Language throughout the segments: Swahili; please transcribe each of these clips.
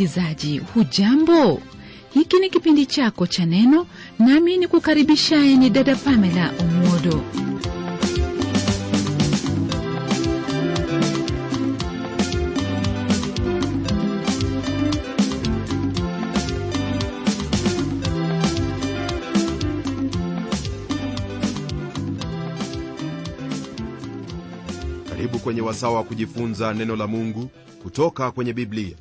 msikilizaji, hujambo? Hiki ni kipindi chako cha Neno, nami ni kukaribishaye ni dada Pamela Omodo. Karibu kwenye wasawa wa kujifunza neno la Mungu kutoka kwenye Biblia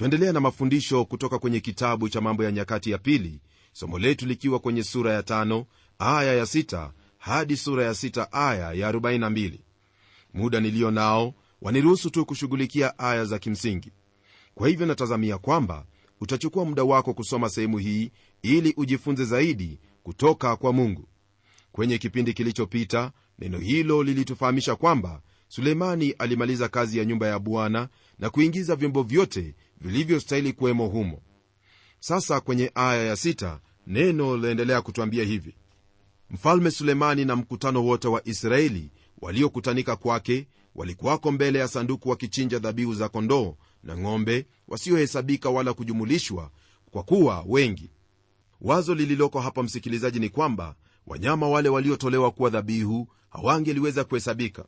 twendelea na mafundisho kutoka kwenye kitabu cha mambo ya nyakati ya pili somo letu likiwa kwenye sura ya tano aya ya sita hadi sura ya sita aya ya 42 muda niliyo nao waniruhusu tu kushughulikia aya za kimsingi kwa hivyo natazamia kwamba utachukua muda wako kusoma sehemu hii ili ujifunze zaidi kutoka kwa mungu kwenye kipindi kilichopita neno hilo lilitufahamisha kwamba sulemani alimaliza kazi ya nyumba ya bwana na kuingiza vyombo vyote vilivyostahili kuwemo humo sasa kwenye aya ya sita, neno laendelea kutwambia hivi mfalme sulemani na mkutano wote wa israeli waliokutanika kwake walikuwako mbele ya sanduku wakichinja dhabihu za kondoo na ng'ombe wasiohesabika wala kujumulishwa kwa kuwa wengi wazo lililoko hapa msikilizaji ni kwamba wanyama wale waliotolewa kuwa dhabihu hawangeliweza kuhesabika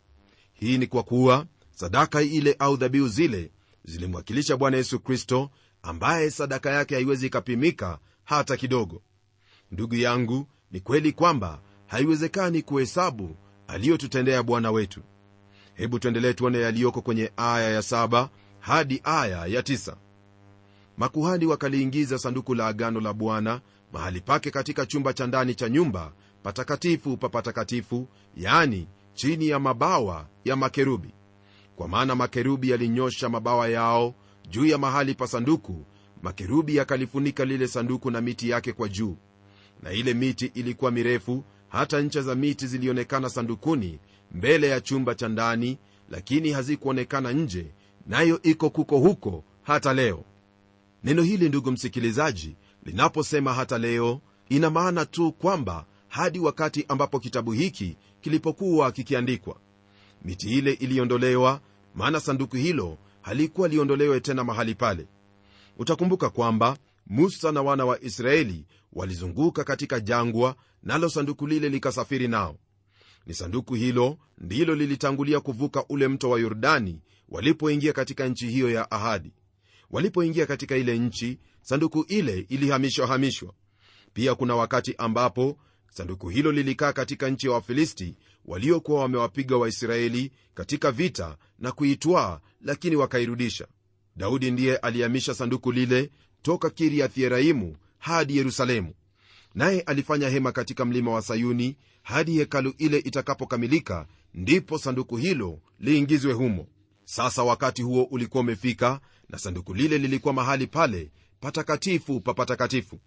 hii ni kwa kuwa sadaka ile au dhabihu zile zilimwakilisha bwana yesu kristo ambaye sadaka yake haiwezi ikapimika hata kidogo ndugu yangu ni kweli kwamba haiwezekani kuhesabu aliyotutendea bwana wetu hebu tuendelee tuone yaliyoko kwenye aya ya saba hadi aya ya tisa. makuhani wakaliingiza sanduku la agano la bwana mahali pake katika chumba cha ndani cha nyumba patakatifu pa patakatifu yani chini ya mabawa ya makerubi kwa maana makerubi yalinyosha mabawa yao juu ya mahali pa sanduku makerubi yakalifunika lile sanduku na miti yake kwa juu na ile miti ilikuwa mirefu hata ncha za miti zilionekana sandukuni mbele ya chumba cha ndani lakini hazikuonekana nje nayo iko kuko huko hata leo neno hili ndugu msikilizaji linaposema hata leo ina maana tu kwamba hadi wakati ambapo kitabu hiki kilipokuwa kikiandikwa miti ile iliondolewa maana sanduku hilo halikuwa liondolewe tena mahali pale utakumbuka kwamba musa na wana wa israeli walizunguka katika jangwa nalo sanduku lile likasafiri nao ni sanduku hilo ndilo lilitangulia kuvuka ule mto wa yordani walipoingia katika nchi hiyo ya ahadi walipoingia katika ile nchi sanduku ile ilihamishwahamishwa pia kuna wakati ambapo sanduku hilo lilikaa katika nchi ya wafilisti waliokuwa wamewapiga waisraeli katika vita na kuitwaa lakini wakairudisha daudi ndiye alihamisha sanduku lile toka kiriathieraimu hadi yerusalemu naye alifanya hema katika mlima wa sayuni hadi hekalu ile itakapokamilika ndipo sanduku hilo liingizwe humo sasa wakati huo ulikuwa umefika na sanduku lile lilikuwa mahali pale patakatifu pa patakatifu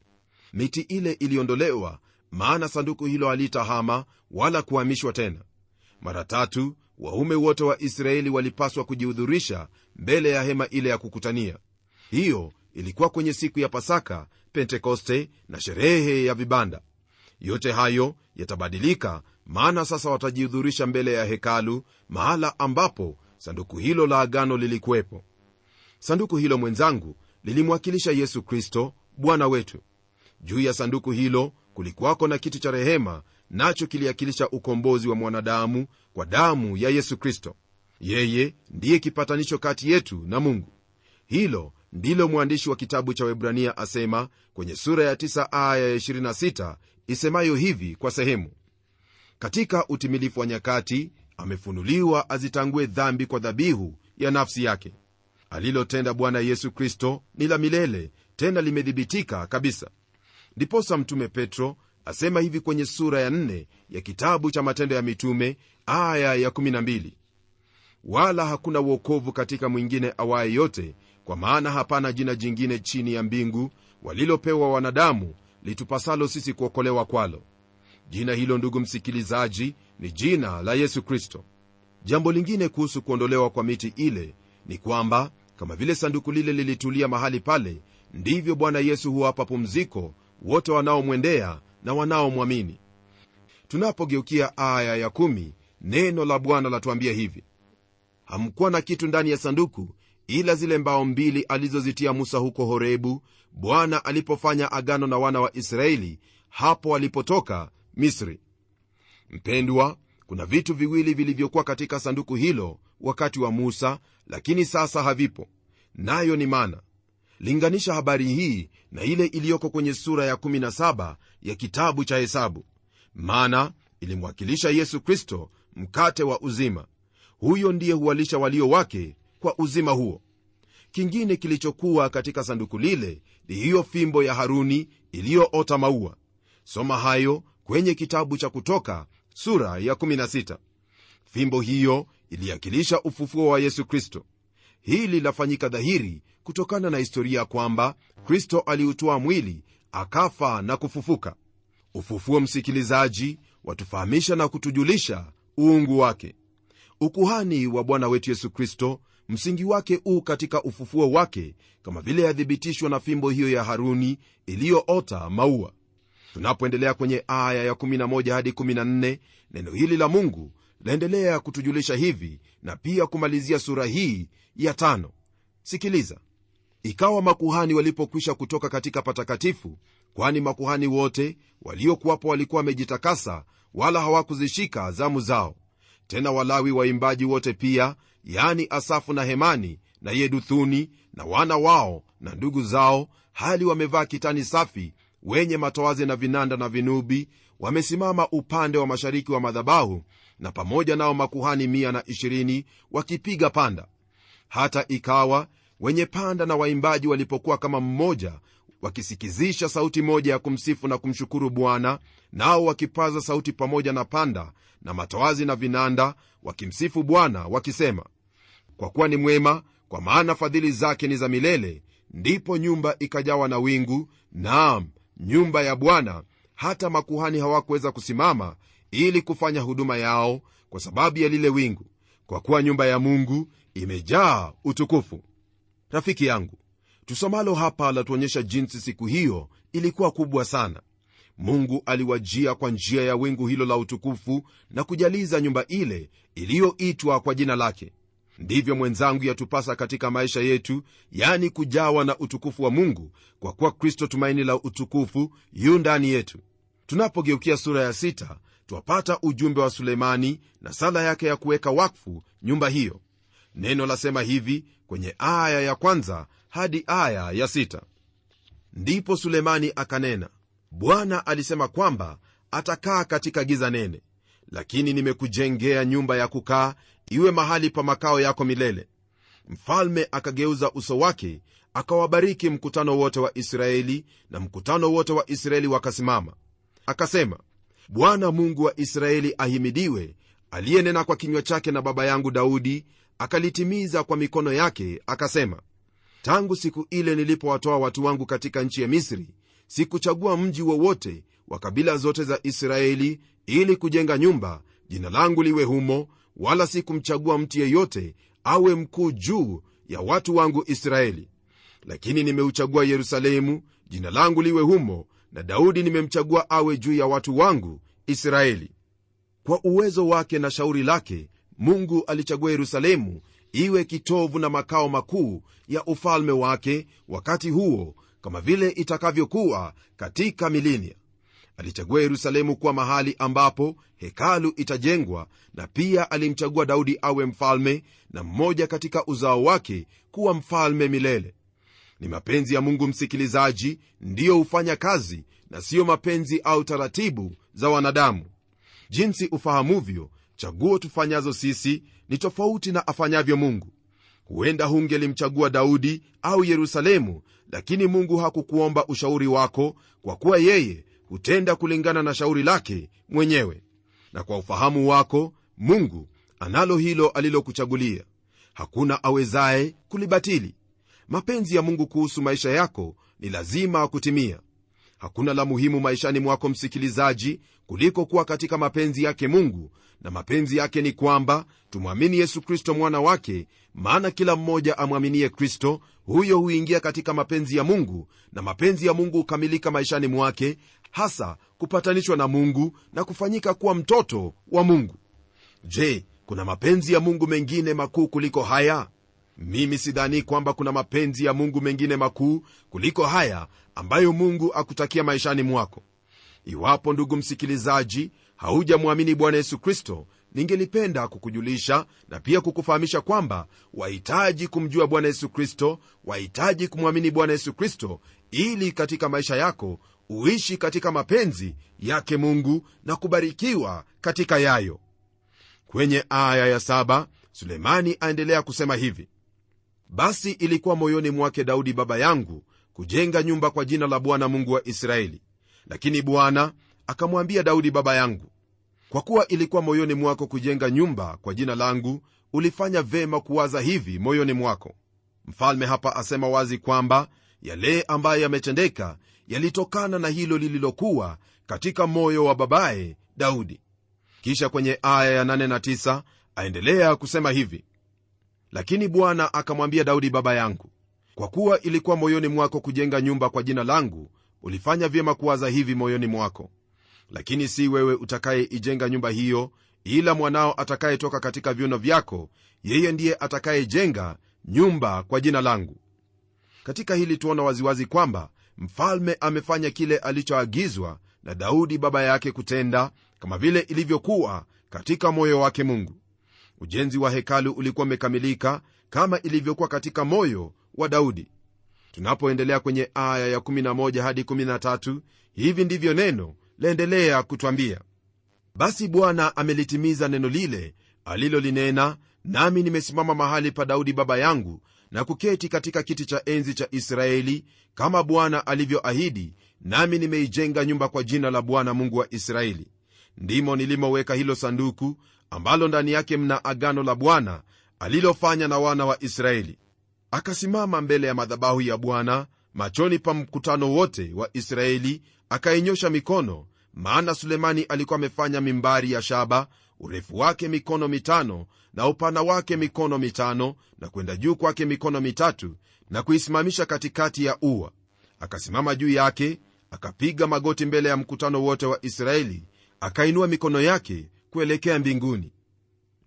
miti ile iliondolewa maana sanduku hilo halitahama wala kuhamishwa tena mara tatu waume wote wa israeli walipaswa kujihudhurisha mbele ya hema ile ya kukutania hiyo ilikuwa kwenye siku ya pasaka pentekoste na sherehe ya vibanda yote hayo yatabadilika maana sasa watajihudhurisha mbele ya hekalu mahala ambapo sanduku hilo la agano lilikuwepo sanduku hilo mwenzangu lilimwakilisha yesu kristo bwana wetu juu ya sanduku hilo kulikuwako na kiti cha rehema nacho kiliakilisha ukombozi wa mwanadamu kwa damu ya yesu kristo yeye ndiye kipatanisho kati yetu na mungu hilo ndilo mwandishi wa kitabu cha webrania asema kwenye sura ya 9 aya ya 26 isemayo hivi kwa sehemu katika utimilifu wa nyakati amefunuliwa azitangue dhambi kwa dhabihu ya nafsi yake alilotenda bwana yesu kristo ni la milele tena limedhibitika kabisa ndiposa mtume petro asema hivi kwenye sura ya 4 ya kitabu cha matendo ya mitume aya ya 12 wala hakuna uokovu katika mwingine awaye yote kwa maana hapana jina jingine chini ya mbingu walilopewa wanadamu litupasalo sisi kuokolewa kwalo jina hilo ndugu msikilizaji ni jina la yesu kristo jambo lingine kuhusu kuondolewa kwa miti ile ni kwamba kama vile sanduku lile lilitulia mahali pale ndivyo bwana yesu huwapa pumziko wote wanaomwendea na wanaomwamini tunapogeukia aya ya 1 neno la bwana latuambia hivi hamkuwa na kitu ndani ya sanduku ila zile mbao mbili alizozitia musa huko horebu bwana alipofanya agano na wana wa israeli hapo walipotoka misri mpendwa kuna vitu viwili vilivyokuwa katika sanduku hilo wakati wa musa lakini sasa havipo nayo ni mana linganisha habari hii na ile iliyoko kwenye sura ya 17 ya kitabu cha hesabu maana ilimwakilisha yesu kristo mkate wa uzima huyo ndiye huwalisha walio wake kwa uzima huo kingine kilichokuwa katika sanduku lile ni hiyo fimbo ya haruni iliyoota maua soma hayo kwenye kitabu cha kutoka sura ya 16 fimbo hiyo iliakilisha ufufuo wa yesu kristo hili lafanyika dhahiri kutokana na historia kwamba kristo aliutoa mwili akafa na kufufuka ufufuo msikilizaji watufahamisha na kutujulisha uungu wake ukuhani wa bwana wetu yesu kristo msingi wake uu katika ufufuo wake kama vile yathibitishwa na fimbo hiyo ya haruni iliyoota maua tunapoendelea kwenye aya ya 11 hadi 14 neno hili la mungu laendelea kutujulisha hivi na pia kumalizia sura hii ya tano sikiliza ikawa makuhani walipokwisha kutoka katika patakatifu kwani makuhani wote waliokuwapo walikuwa wamejitakasa wala hawakuzishika zamu zao tena walawi waimbaji wote pia yani asafu na hemani na yeduthuni na wana wao na ndugu zao hali wamevaa kitani safi wenye matoazi na vinanda na vinubi wamesimama upande wa mashariki wa madhabahu na pamoja nao makuhani 120 wakipiga panda hata ikawa wenye panda na waimbaji walipokuwa kama mmoja wakisikizisha sauti moja ya kumsifu na kumshukuru bwana nao wakipaza sauti pamoja na panda na matoazi na vinanda wakimsifu bwana wakisema kwa kuwa ni mwema kwa maana fadhili zake ni za milele ndipo nyumba ikajawa na wingu nam nyumba ya bwana hata makuhani hawakuweza kusimama ili kufanya huduma yao kwa sababu ya lile wingu kwa kuwa nyumba ya mungu imejaa utukufu rafiki yangu tusomalo hapa latuonyesha jinsi siku hiyo ilikuwa kubwa sana mungu aliwajia kwa njia ya wingu hilo la utukufu na kujaliza nyumba ile iliyoitwa kwa jina lake ndivyo mwenzangu yatupasa katika maisha yetu yani kujawa na utukufu wa mungu kwa kuwa kristo tumaini la utukufu yu ndani yetu tunapogeukia sura ya sita twapata ujumbe wa sulemani na sala yake ya kuweka wakfu nyumba hiyo neno lasema hivi kwenye aya ya kwanza hadi aya ya sita. ndipo sulemani akanena bwana alisema kwamba atakaa katika giza nene lakini nimekujengea nyumba ya kukaa iwe mahali pa makao yako milele mfalme akageuza uso wake akawabariki mkutano wote wa israeli na mkutano wote wa israeli wakasimama akasema bwana mungu wa israeli ahimidiwe aliyenena kwa kinywa chake na baba yangu daudi akalitimiza kwa mikono yake akasema tangu siku ile nilipowatoa watu wangu katika nchi ya misri sikuchagua mji wowote wa kabila zote za israeli ili kujenga nyumba jina langu liwe humo wala sikumchagua mtu yeyote awe mkuu juu ya watu wangu israeli lakini nimeuchagua yerusalemu jina langu liwe humo na daudi nimemchagua awe juu ya watu wangu israeli kwa uwezo wake na shauri lake mungu alichagua yerusalemu iwe kitovu na makao makuu ya ufalme wake wakati huo kama vile itakavyokuwa katika milinia alichagua yerusalemu kuwa mahali ambapo hekalu itajengwa na pia alimchagua daudi awe mfalme na mmoja katika uzao wake kuwa mfalme milele ni mapenzi ya mungu msikilizaji ndiyo hufanya kazi na siyo mapenzi au taratibu za wanadamu jinsi ufahamuvyo chaguo tufanyazo sisi ni tofauti na afanyavyo mungu huenda hungelimchagua daudi au yerusalemu lakini mungu hakukuomba ushauri wako kwa kuwa yeye hutenda kulingana na shauri lake mwenyewe na kwa ufahamu wako mungu analo hilo alilokuchagulia hakuna awezaye kulibatili mapenzi ya mungu kuhusu maisha yako ni lazima akutimia hakuna la muhimu maishani mwako msikilizaji kuliko kuwa katika mapenzi yake mungu na mapenzi yake ni kwamba tumwamini yesu kristo mwana wake maana kila mmoja amwaminie kristo huyo huingia katika mapenzi ya mungu na mapenzi ya mungu hukamilika maishani mwake hasa kupatanishwa na mungu na kufanyika kuwa mtoto wa mungu je kuna mapenzi ya mungu mengine makuu kuliko haya mimi sidhani kwamba kuna mapenzi ya mungu mengine makuu kuliko haya ambayo mungu akutakia maishani mwako iwapo ndugu msikilizaji haujamwamini bwana yesu kristo ningelipenda kukujulisha na pia kukufahamisha kwamba wahitaji kumjua bwana yesu kristo wahitaji kumwamini bwana yesu kristo ili katika maisha yako uishi katika mapenzi yake mungu na kubarikiwa katika yayo kwenye aya ya 7 sulemani aendelea kusema hivi basi ilikuwa moyoni mwake daudi baba yangu kujenga nyumba kwa jina la bwana mungu wa israeli lakini bwana akamwambia daudi baba yangu kwa kuwa ilikuwa moyoni mwako kujenga nyumba kwa jina langu ulifanya vema kuwaza hivi moyoni mwako mfalme hapa asema wazi kwamba yale ambayo yametendeka yalitokana na hilo lililokuwa katika moyo wa babaye daudi kisha kwenye aya ya 8 na 9 aendelea kusema hivi lakini bwana akamwambia daudi baba yangu kwa kuwa ilikuwa moyoni mwako kujenga nyumba kwa jina langu ulifanya vyema kuwaza hivi moyoni mwako lakini si wewe utakayeijenga nyumba hiyo ila mwanao atakayetoka katika viuno vyako yeye ndiye atakayejenga nyumba kwa jina langu katika hili tuona waziwazi kwamba mfalme amefanya kile alichoagizwa na daudi baba yake kutenda kama vile ilivyokuwa katika moyo wake mungu ujenzi wa hekalu ulikuwa umekamilika kama ilivyokuwa katika moyo wa daudi tunapoendelea kwenye aya ya11 hadi 13 hivi ndivyo neno laendelea kutwambia basi bwana amelitimiza neno lile alilolinena nami nimesimama mahali pa daudi baba yangu na kuketi katika kiti cha enzi cha israeli kama bwana alivyoahidi nami nimeijenga nyumba kwa jina la bwana mungu wa israeli ndimo nilimoweka hilo sanduku ambalo ndani yake mna agano la Bwana alilofanya na wana wa Israeli. Akasimama mbele ya madhabahu ya Bwana machoni pa mkutano wote wa Israeli, akainyosha mikono, maana Sulemani alikuwa amefanya mimbari ya shaba, urefu wake mikono mitano na upana wake mikono mitano na kwenda juu kwake mikono mitatu, na kuisimamisha katikati ya ua. Akasimama juu yake, akapiga magoti mbele ya mkutano wote wa Israeli, akainua mikono yake kuelekea mbinguni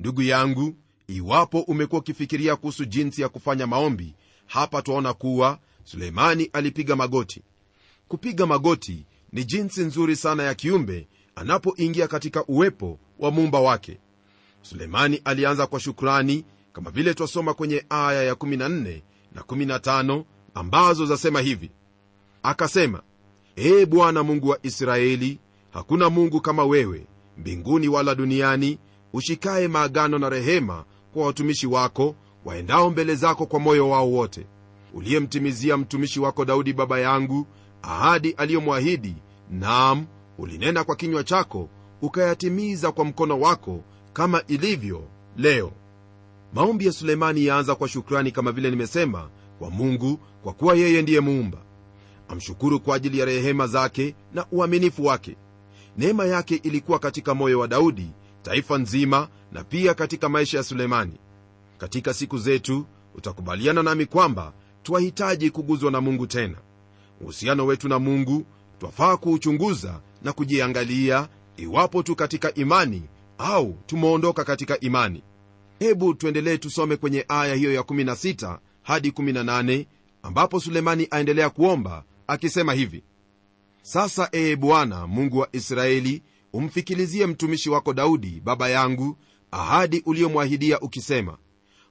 ndugu yangu iwapo umekuwa ukifikiria kuhusu jinsi ya kufanya maombi hapa twaona kuwa suleimani alipiga magoti kupiga magoti ni jinsi nzuri sana ya kiumbe anapoingia katika uwepo wa muumba wake sulemani alianza kwa shukrani kama vile twasoma kwenye aya ya14 na 15 ambazo zasema hivi akasema ee bwana mungu wa israeli hakuna mungu kama wewe mbinguni wala duniani ushikaye maagano na rehema kwa watumishi wako waendao mbele zako kwa moyo wao wote uliyemtimizia mtumishi wako daudi baba yangu ahadi aliyomwahidi nam ulinena kwa kinywa chako ukayatimiza kwa mkono wako kama ilivyo leo maombi ya sulemani yaanza kwa shukrani kama vile nimesema kwa mungu kwa kuwa yeye ndiye muumba amshukuru kwa ajili ya rehema zake na uaminifu wake neema yake ilikuwa katika moyo wa daudi taifa nzima na pia katika maisha ya sulemani katika siku zetu utakubaliana nami kwamba twahitaji kuguzwa na mungu tena uhusiano wetu na mungu twafaa kuuchunguza na kujiangalia iwapo tu katika imani au tumeondoka katika imani hebu tuendelee tusome kwenye aya hiyo ya16 hadi 18 ambapo sulemani aendelea kuomba akisema hivi sasa ee bwana mungu wa israeli umfikilizie mtumishi wako daudi baba yangu ahadi uliyomwahidia ukisema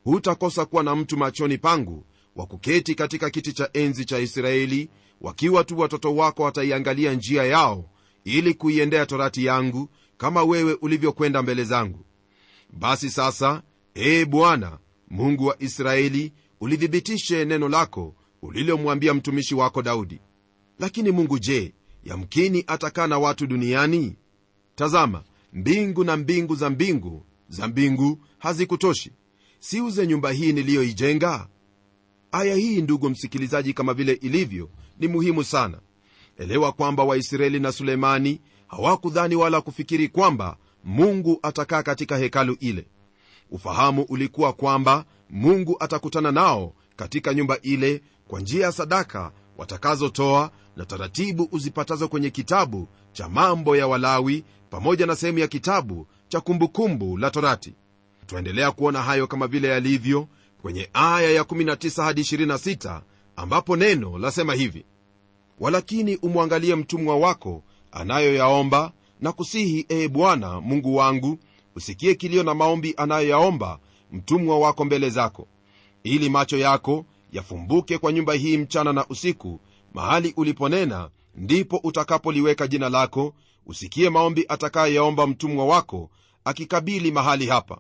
hutakosa kuwa na mtu machoni pangu wa kuketi katika kiti cha enzi cha israeli wakiwa tu watoto wako wataiangalia njia yao ili kuiendea torati yangu kama wewe ulivyokwenda mbele zangu basi sasa ee bwana mungu wa israeli ulithibitishe neno lako ulilomwambia mtumishi wako daudi lakini mungu je yamkini atakaa na watu duniani tazama mbingu na mbingu za mbingu za mbingu hazikutoshi siuze nyumba hii niliyoijenga aya hii ndugu msikilizaji kama vile ilivyo ni muhimu sana elewa kwamba waisraeli na sulemani hawakudhani wala kufikiri kwamba mungu atakaa katika hekalu ile ufahamu ulikuwa kwamba mungu atakutana nao katika nyumba ile kwa njia ya sadaka watakazotoa na taratibu uzipatazo kwenye kitabu cha mambo ya walawi pamoja na sehemu ya kitabu cha kumbukumbu kumbu la torati twaendelea kuona hayo kama vile yalivyo kwenye aya ya 19 hadi 26 ambapo neno lasema hivi walakini umwangalie mtumwa wako anayoyaomba na kusihi ee bwana mungu wangu usikie kilio na maombi anayoyaomba mtumwa wako mbele zako ili macho yako yafumbuke kwa nyumba hii mchana na usiku mahali uliponena ndipo utakapoliweka jina lako usikie maombi atakayeyaomba mtumwa wako akikabili mahali hapa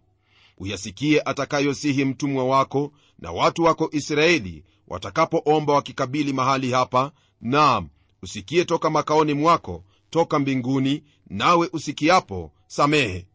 uyasikie atakayosihi mtumwa wako na watu wako israeli watakapoomba wakikabili mahali hapa nam usikie toka makaoni mwako toka mbinguni nawe usikiapo samehe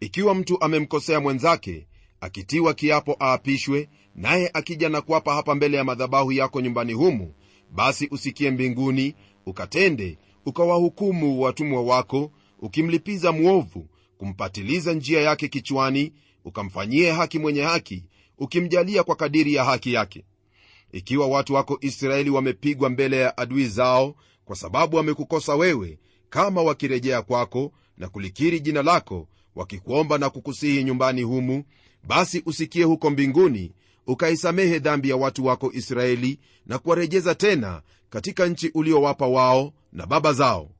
ikiwa mtu amemkosea mwenzake akitiwa kiapo aapishwe naye akija na kuwapa hapa mbele ya madhabahu yako nyumbani humu basi usikie mbinguni ukatende ukawahukumu watumwa wako ukimlipiza mwovu kumpatiliza njia yake kichwani ukamfanyie haki mwenye haki ukimjalia kwa kadiri ya haki yake ikiwa watu wako israeli wamepigwa mbele ya adui zao kwa sababu wamekukosa wewe kama wakirejea kwako na kulikiri jina lako wakikuomba na kukusihi nyumbani humu basi usikie huko mbinguni ukaisamehe dhambi ya watu wako israeli na kuwarejeza tena katika nchi uliowapa wao na baba zao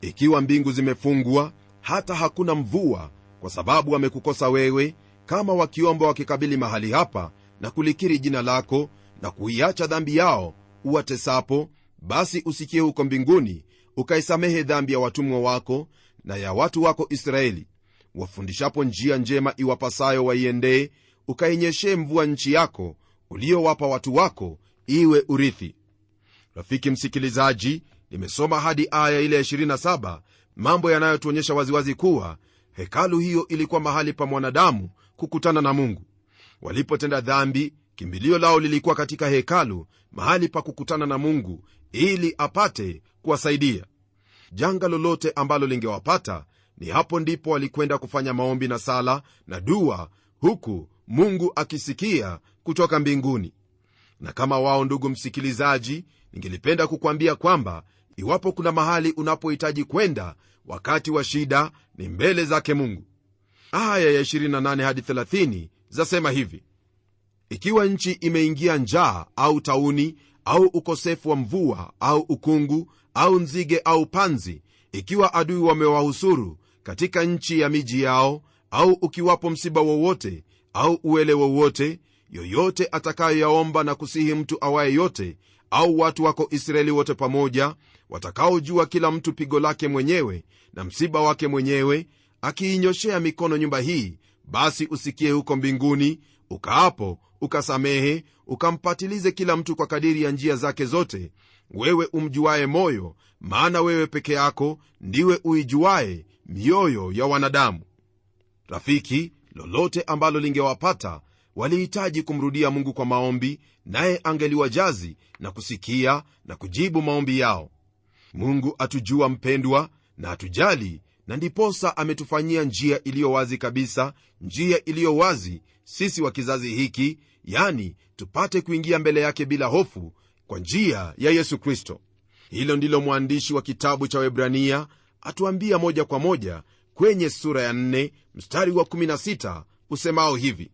ikiwa mbingu zimefungwa hata hakuna mvua kwa sababu wamekukosa wewe kama wakiomba wakikabili mahali hapa na kulikiri jina lako na kuiacha dhambi yao uwatesapo basi usikie huko mbinguni ukaisamehe dhambi ya watumwa wako na ya watu wako israeli wafundishapo njia njema iwapasayo waiendee ukainyeshee mvua nchi yako uliowapa watu wako iwe urithi rafiki msikilizaji nimesoma hadi aya ile ya 27 mambo yanayotuonyesha waziwazi kuwa hekalu hiyo ilikuwa mahali pa mwanadamu kukutana na mungu walipotenda dhambi kimbilio lao lilikuwa katika hekalu mahali pa kukutana na mungu ili apate kuwasaidia janga lolote ambalo lingewapata ni hapo ndipo walikwenda kufanya maombi na sala na dua huku mungu akisikia kutoka mbinguni na kama wao ndugu msikilizaji ningelipenda kukwambia kwamba iwapo kuna mahali unapohitaji kwenda wakati wa shida ni mbele zake mungu aya ya 28 hadi 30 zasema hivi ikiwa nchi imeingia njaa au tauni au ukosefu wa mvua au ukungu au nzige au panzi ikiwa adui wamewahusuru katika nchi ya miji yao au ukiwapo msiba wowote au uwele wowote yoyote atakayoyaomba na kusihi mtu awaye yote au watu wako israeli wote pamoja watakaojua kila mtu pigo lake mwenyewe na msiba wake mwenyewe akiinyoshea mikono nyumba hii basi usikie huko mbinguni ukaapo ukasamehe ukampatilize kila mtu kwa kadiri ya njia zake zote wewe umjuaye moyo maana wewe peke yako ndiwe uijuaye mioyo ya wanadamu rafiki lolote ambalo lingewapata walihitaji kumrudia mungu kwa maombi naye angeliwajazi na kusikia na kujibu maombi yao mungu atujua mpendwa na atujali na ndiposa ametufanyia njia iliyo wazi kabisa njia iliyo wazi sisi wa kizazi hiki yani tupate kuingia mbele yake bila hofu kwa njia ya yesu kristo hilo ndilo mwandishi wa kitabu cha webrania atuambia moja kwa moja kwenye sura ya nne, mstari wa 16 usemao hivi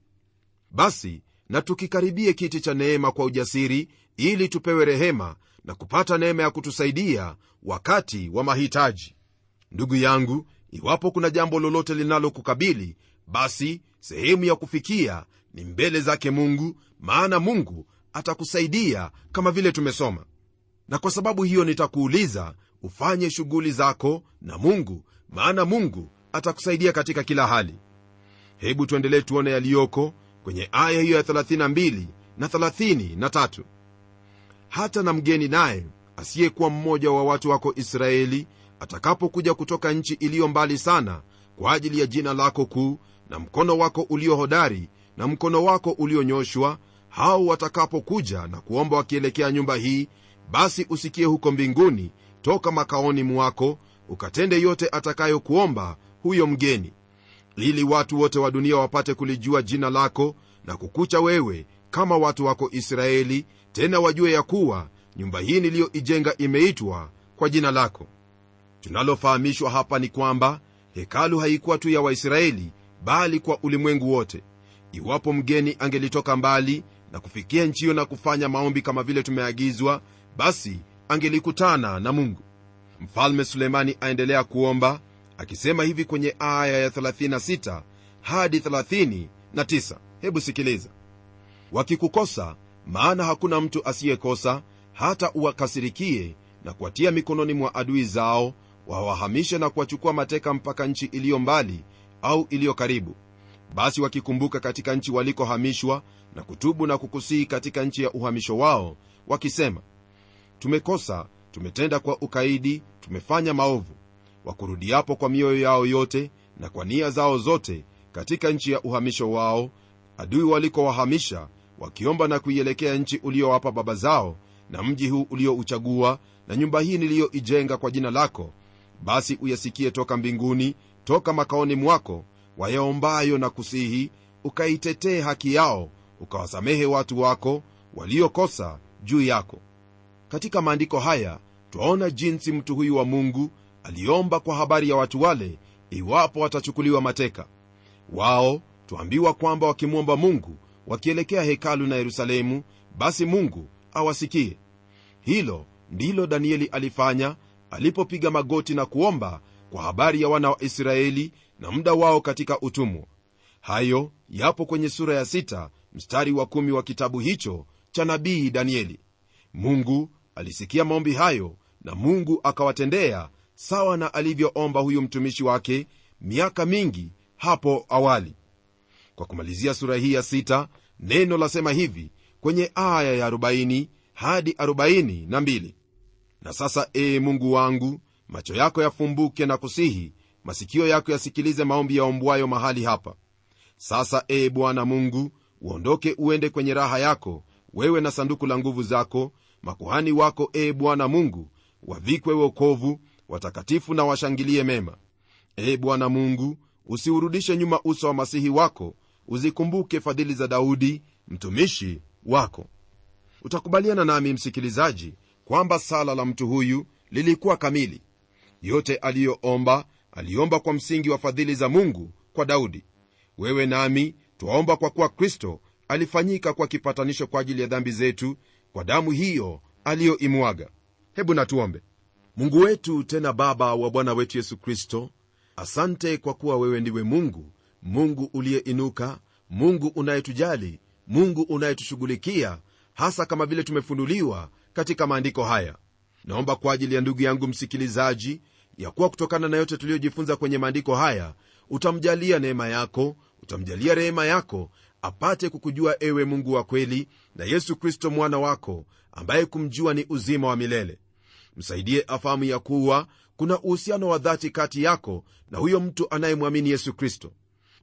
basi na tukikaribie kiti cha neema kwa ujasiri ili tupewe rehema na kupata neema ya kutusaidia wakati wa mahitaji ndugu yangu iwapo kuna jambo lolote linalokukabili basi sehemu ya kufikia ni mbele zake mungu maana mungu atakusaidia kama vile tumesoma na kwa sababu hiyo nitakuuliza ufanye shughuli zako na mungu maana mungu atakusaidia katika kila hali hebu tuendelee tuone yaliyoko kwenye aya hiyo ya 32 na 33 hata na mgeni naye asiyekuwa mmoja wa watu wako israeli atakapokuja kutoka nchi iliyo mbali sana kwa ajili ya jina lako kuu na mkono wako ulio hodari na mkono wako ulionyoshwa hao watakapokuja na kuomba wakielekea nyumba hii basi usikie huko mbinguni toka makaoni mwako ukatende yote atakayokuomba huyo mgeni ili watu wote wa dunia wapate kulijua jina lako na kukucha wewe kama watu wako israeli tena wajue ya kuwa nyumba hii niliyoijenga imeitwa kwa jina lako tunalofahamishwa hapa ni kwamba hekalu haikuwa tu ya waisraeli bali kwa ulimwengu wote iwapo mgeni angelitoka mbali na kufikia nchi na kufanya maombi kama vile tumeagizwa basi angelikutana na mungu mfalme sulemani aendelea kuomba akisema hivi kwenye aya ya 36 hadi 39 hebu sikiliza wakikukosa maana hakuna mtu asiyekosa hata uwakasirikie na kuwatia mikononi mwa adui zao wawahamishe na kuwachukua mateka mpaka nchi iliyo mbali au iliyo karibu basi wakikumbuka katika nchi walikohamishwa na kutubu na kukusii katika nchi ya uhamisho wao wakisema tumekosa tumetenda kwa ukaidi tumefanya maovu wakurudiapo kwa mioyo yao yote na kwa nia zao zote katika nchi ya uhamisho wao adui walikowahamisha wakiomba na kuielekea nchi uliowapa baba zao na mji huu uliouchagua na nyumba hii niliyoijenga kwa jina lako basi uyasikie toka mbinguni toka makaoni mwako wayaombayo na kusihi ukaitetee haki yao ukawasamehe watu wako waliokosa juu yako katika maandiko haya twaona jinsi mtu huyu wa mungu aliomba kwa habari ya watu wale iwapo watachukuliwa mateka wao twambiwa kwamba wakimwomba mungu wakielekea hekalu na yerusalemu basi mungu awasikie hilo ndilo danieli alifanya alipopiga magoti na kuomba kwa habari ya wana wa israeli na muda wao katika utumwa hayo yapo kwenye sura ya sita mstari wa kumi wa kitabu hicho cha nabii danieli mungu alisikia maombi hayo na mungu akawatendea sawa na alivyoomba huyu mtumishi wake miaka mingi hapo awali kwa kumalizia sura hii ya sita neno lasema hivi kwenye aya ya 40 hadi 42 na na sasa ee mungu wangu macho yako yafumbuke na kusihi masikio yako yasikilize maombi yaombwayo mahali hapa sasa ee bwana mungu uondoke uende kwenye raha yako wewe na sanduku la nguvu zako makuhani wako ee bwana mungu wavikwe wokovu watakatifu na washangilie mema ee bwana mungu usiurudishe nyuma uso wa masihi wako uzikumbuke fadhili za daudi mtumishi wako utakubaliana nami msikilizaji kwamba sala la mtu huyu lilikuwa kamili yote aliyoomba aliomba kwa msingi wa fadhili za mungu kwa daudi wewe nami twaomba kwa kuwa kristo alifanyika kwa kipatanisho kwa ajili ya dhambi zetu kwa damu hiyo aliyoimwaga hebu natuombe mungu wetu tena baba wa bwana wetu yesu kristo asante kwa kuwa wewe ndiwe mungu mungu uliyeinuka mungu unayetujali mungu unayetushughulikia hasa kama vile tumefunuliwa katika maandiko haya naomba kwa ajili ya ndugu yangu msikilizaji ya kuwa kutokana na yote tuliyojifunza kwenye maandiko haya utamjalia neema yako utamjalia rehema yako apate kukujua ewe mungu wa kweli na yesu kristo mwana wako ambaye kumjua ni uzima wa milele msaidie afahamu ya kuwa kuna uhusiano wa dhati kati yako na huyo mtu anayemwamini yesu kristo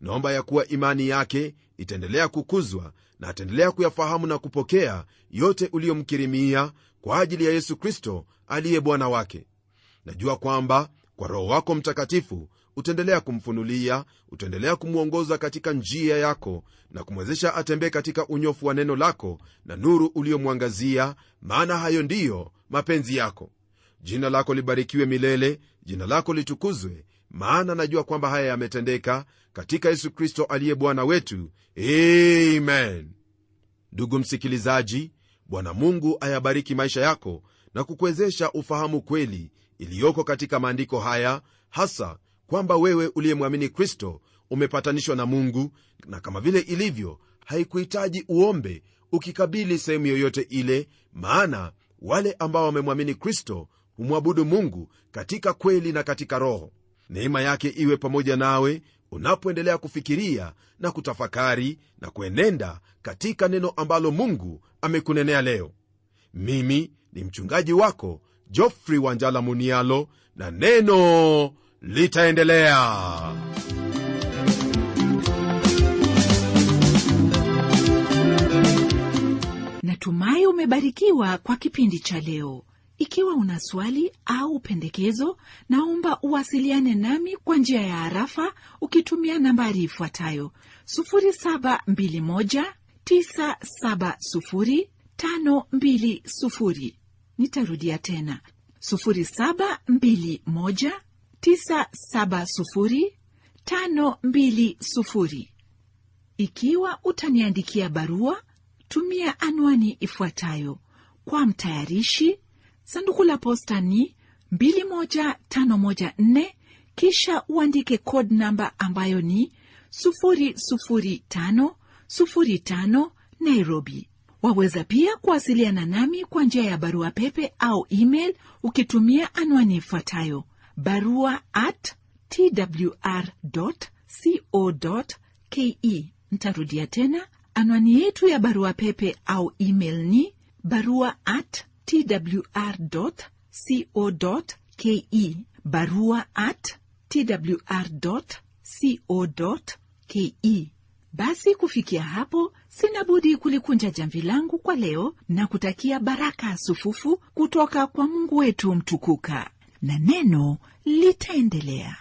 naomba ya kuwa imani yake itaendelea kukuzwa na ataendelea kuyafahamu na kupokea yote uliyomkirimia kwa ajili ya yesu kristo aliye bwana wake najua kwamba kwa roho wako mtakatifu utaendelea kumfunulia utaendelea kumwongoza katika njia yako na kumwezesha atembee katika unyofu wa neno lako na nuru uliyomwangazia maana hayo ndiyo mapenzi yako jina lako libarikiwe milele jina lako litukuzwe maana najua kwamba haya yametendeka katika yesu kristo aliye bwana wetu men ndugu msikilizaji bwana mungu ayabariki maisha yako na kukuwezesha ufahamu kweli iliyoko katika maandiko haya hasa kwamba wewe uliyemwamini kristo umepatanishwa na mungu na kama vile ilivyo haikuhitaji uombe ukikabili sehemu yoyote ile maana wale ambao wamemwamini kristo humwabudu mungu katika kweli na katika roho neema yake iwe pamoja nawe unapoendelea kufikiria na kutafakari na kuenenda katika neno ambalo mungu amekunenea leo mimi ni mchungaji wako jofri wanjala munialo na neno litaendelea natumai umebarikiwa kwa kipindi cha leo ikiwa una swali au pendekezo, naomba uwasiliane nami kwa njia ya harafa ukitumia nambari ifuatayo 0721970520. Nitarudia tena 0721970520. Ikiwa utaniandikia barua, tumia anwani ifuatayo: kwa mtayarishi Sanduku la posta ni 2154 kisha uandike code namba ambayo ni 00505 Nairobi. Waweza pia kuwasiliana nami kwa njia ya barua pepe au email ukitumia anwani ifuatayo barua at twr.co.ke. Ntarudia tena anwani yetu ya barua pepe au email ni barua at twr.co.ke, barua at twr.co.ke. Basi kufikia hapo, sina budi kulikunja jamvi langu kwa leo na kutakia baraka sufufu kutoka kwa Mungu wetu mtukuka, na neno litaendelea.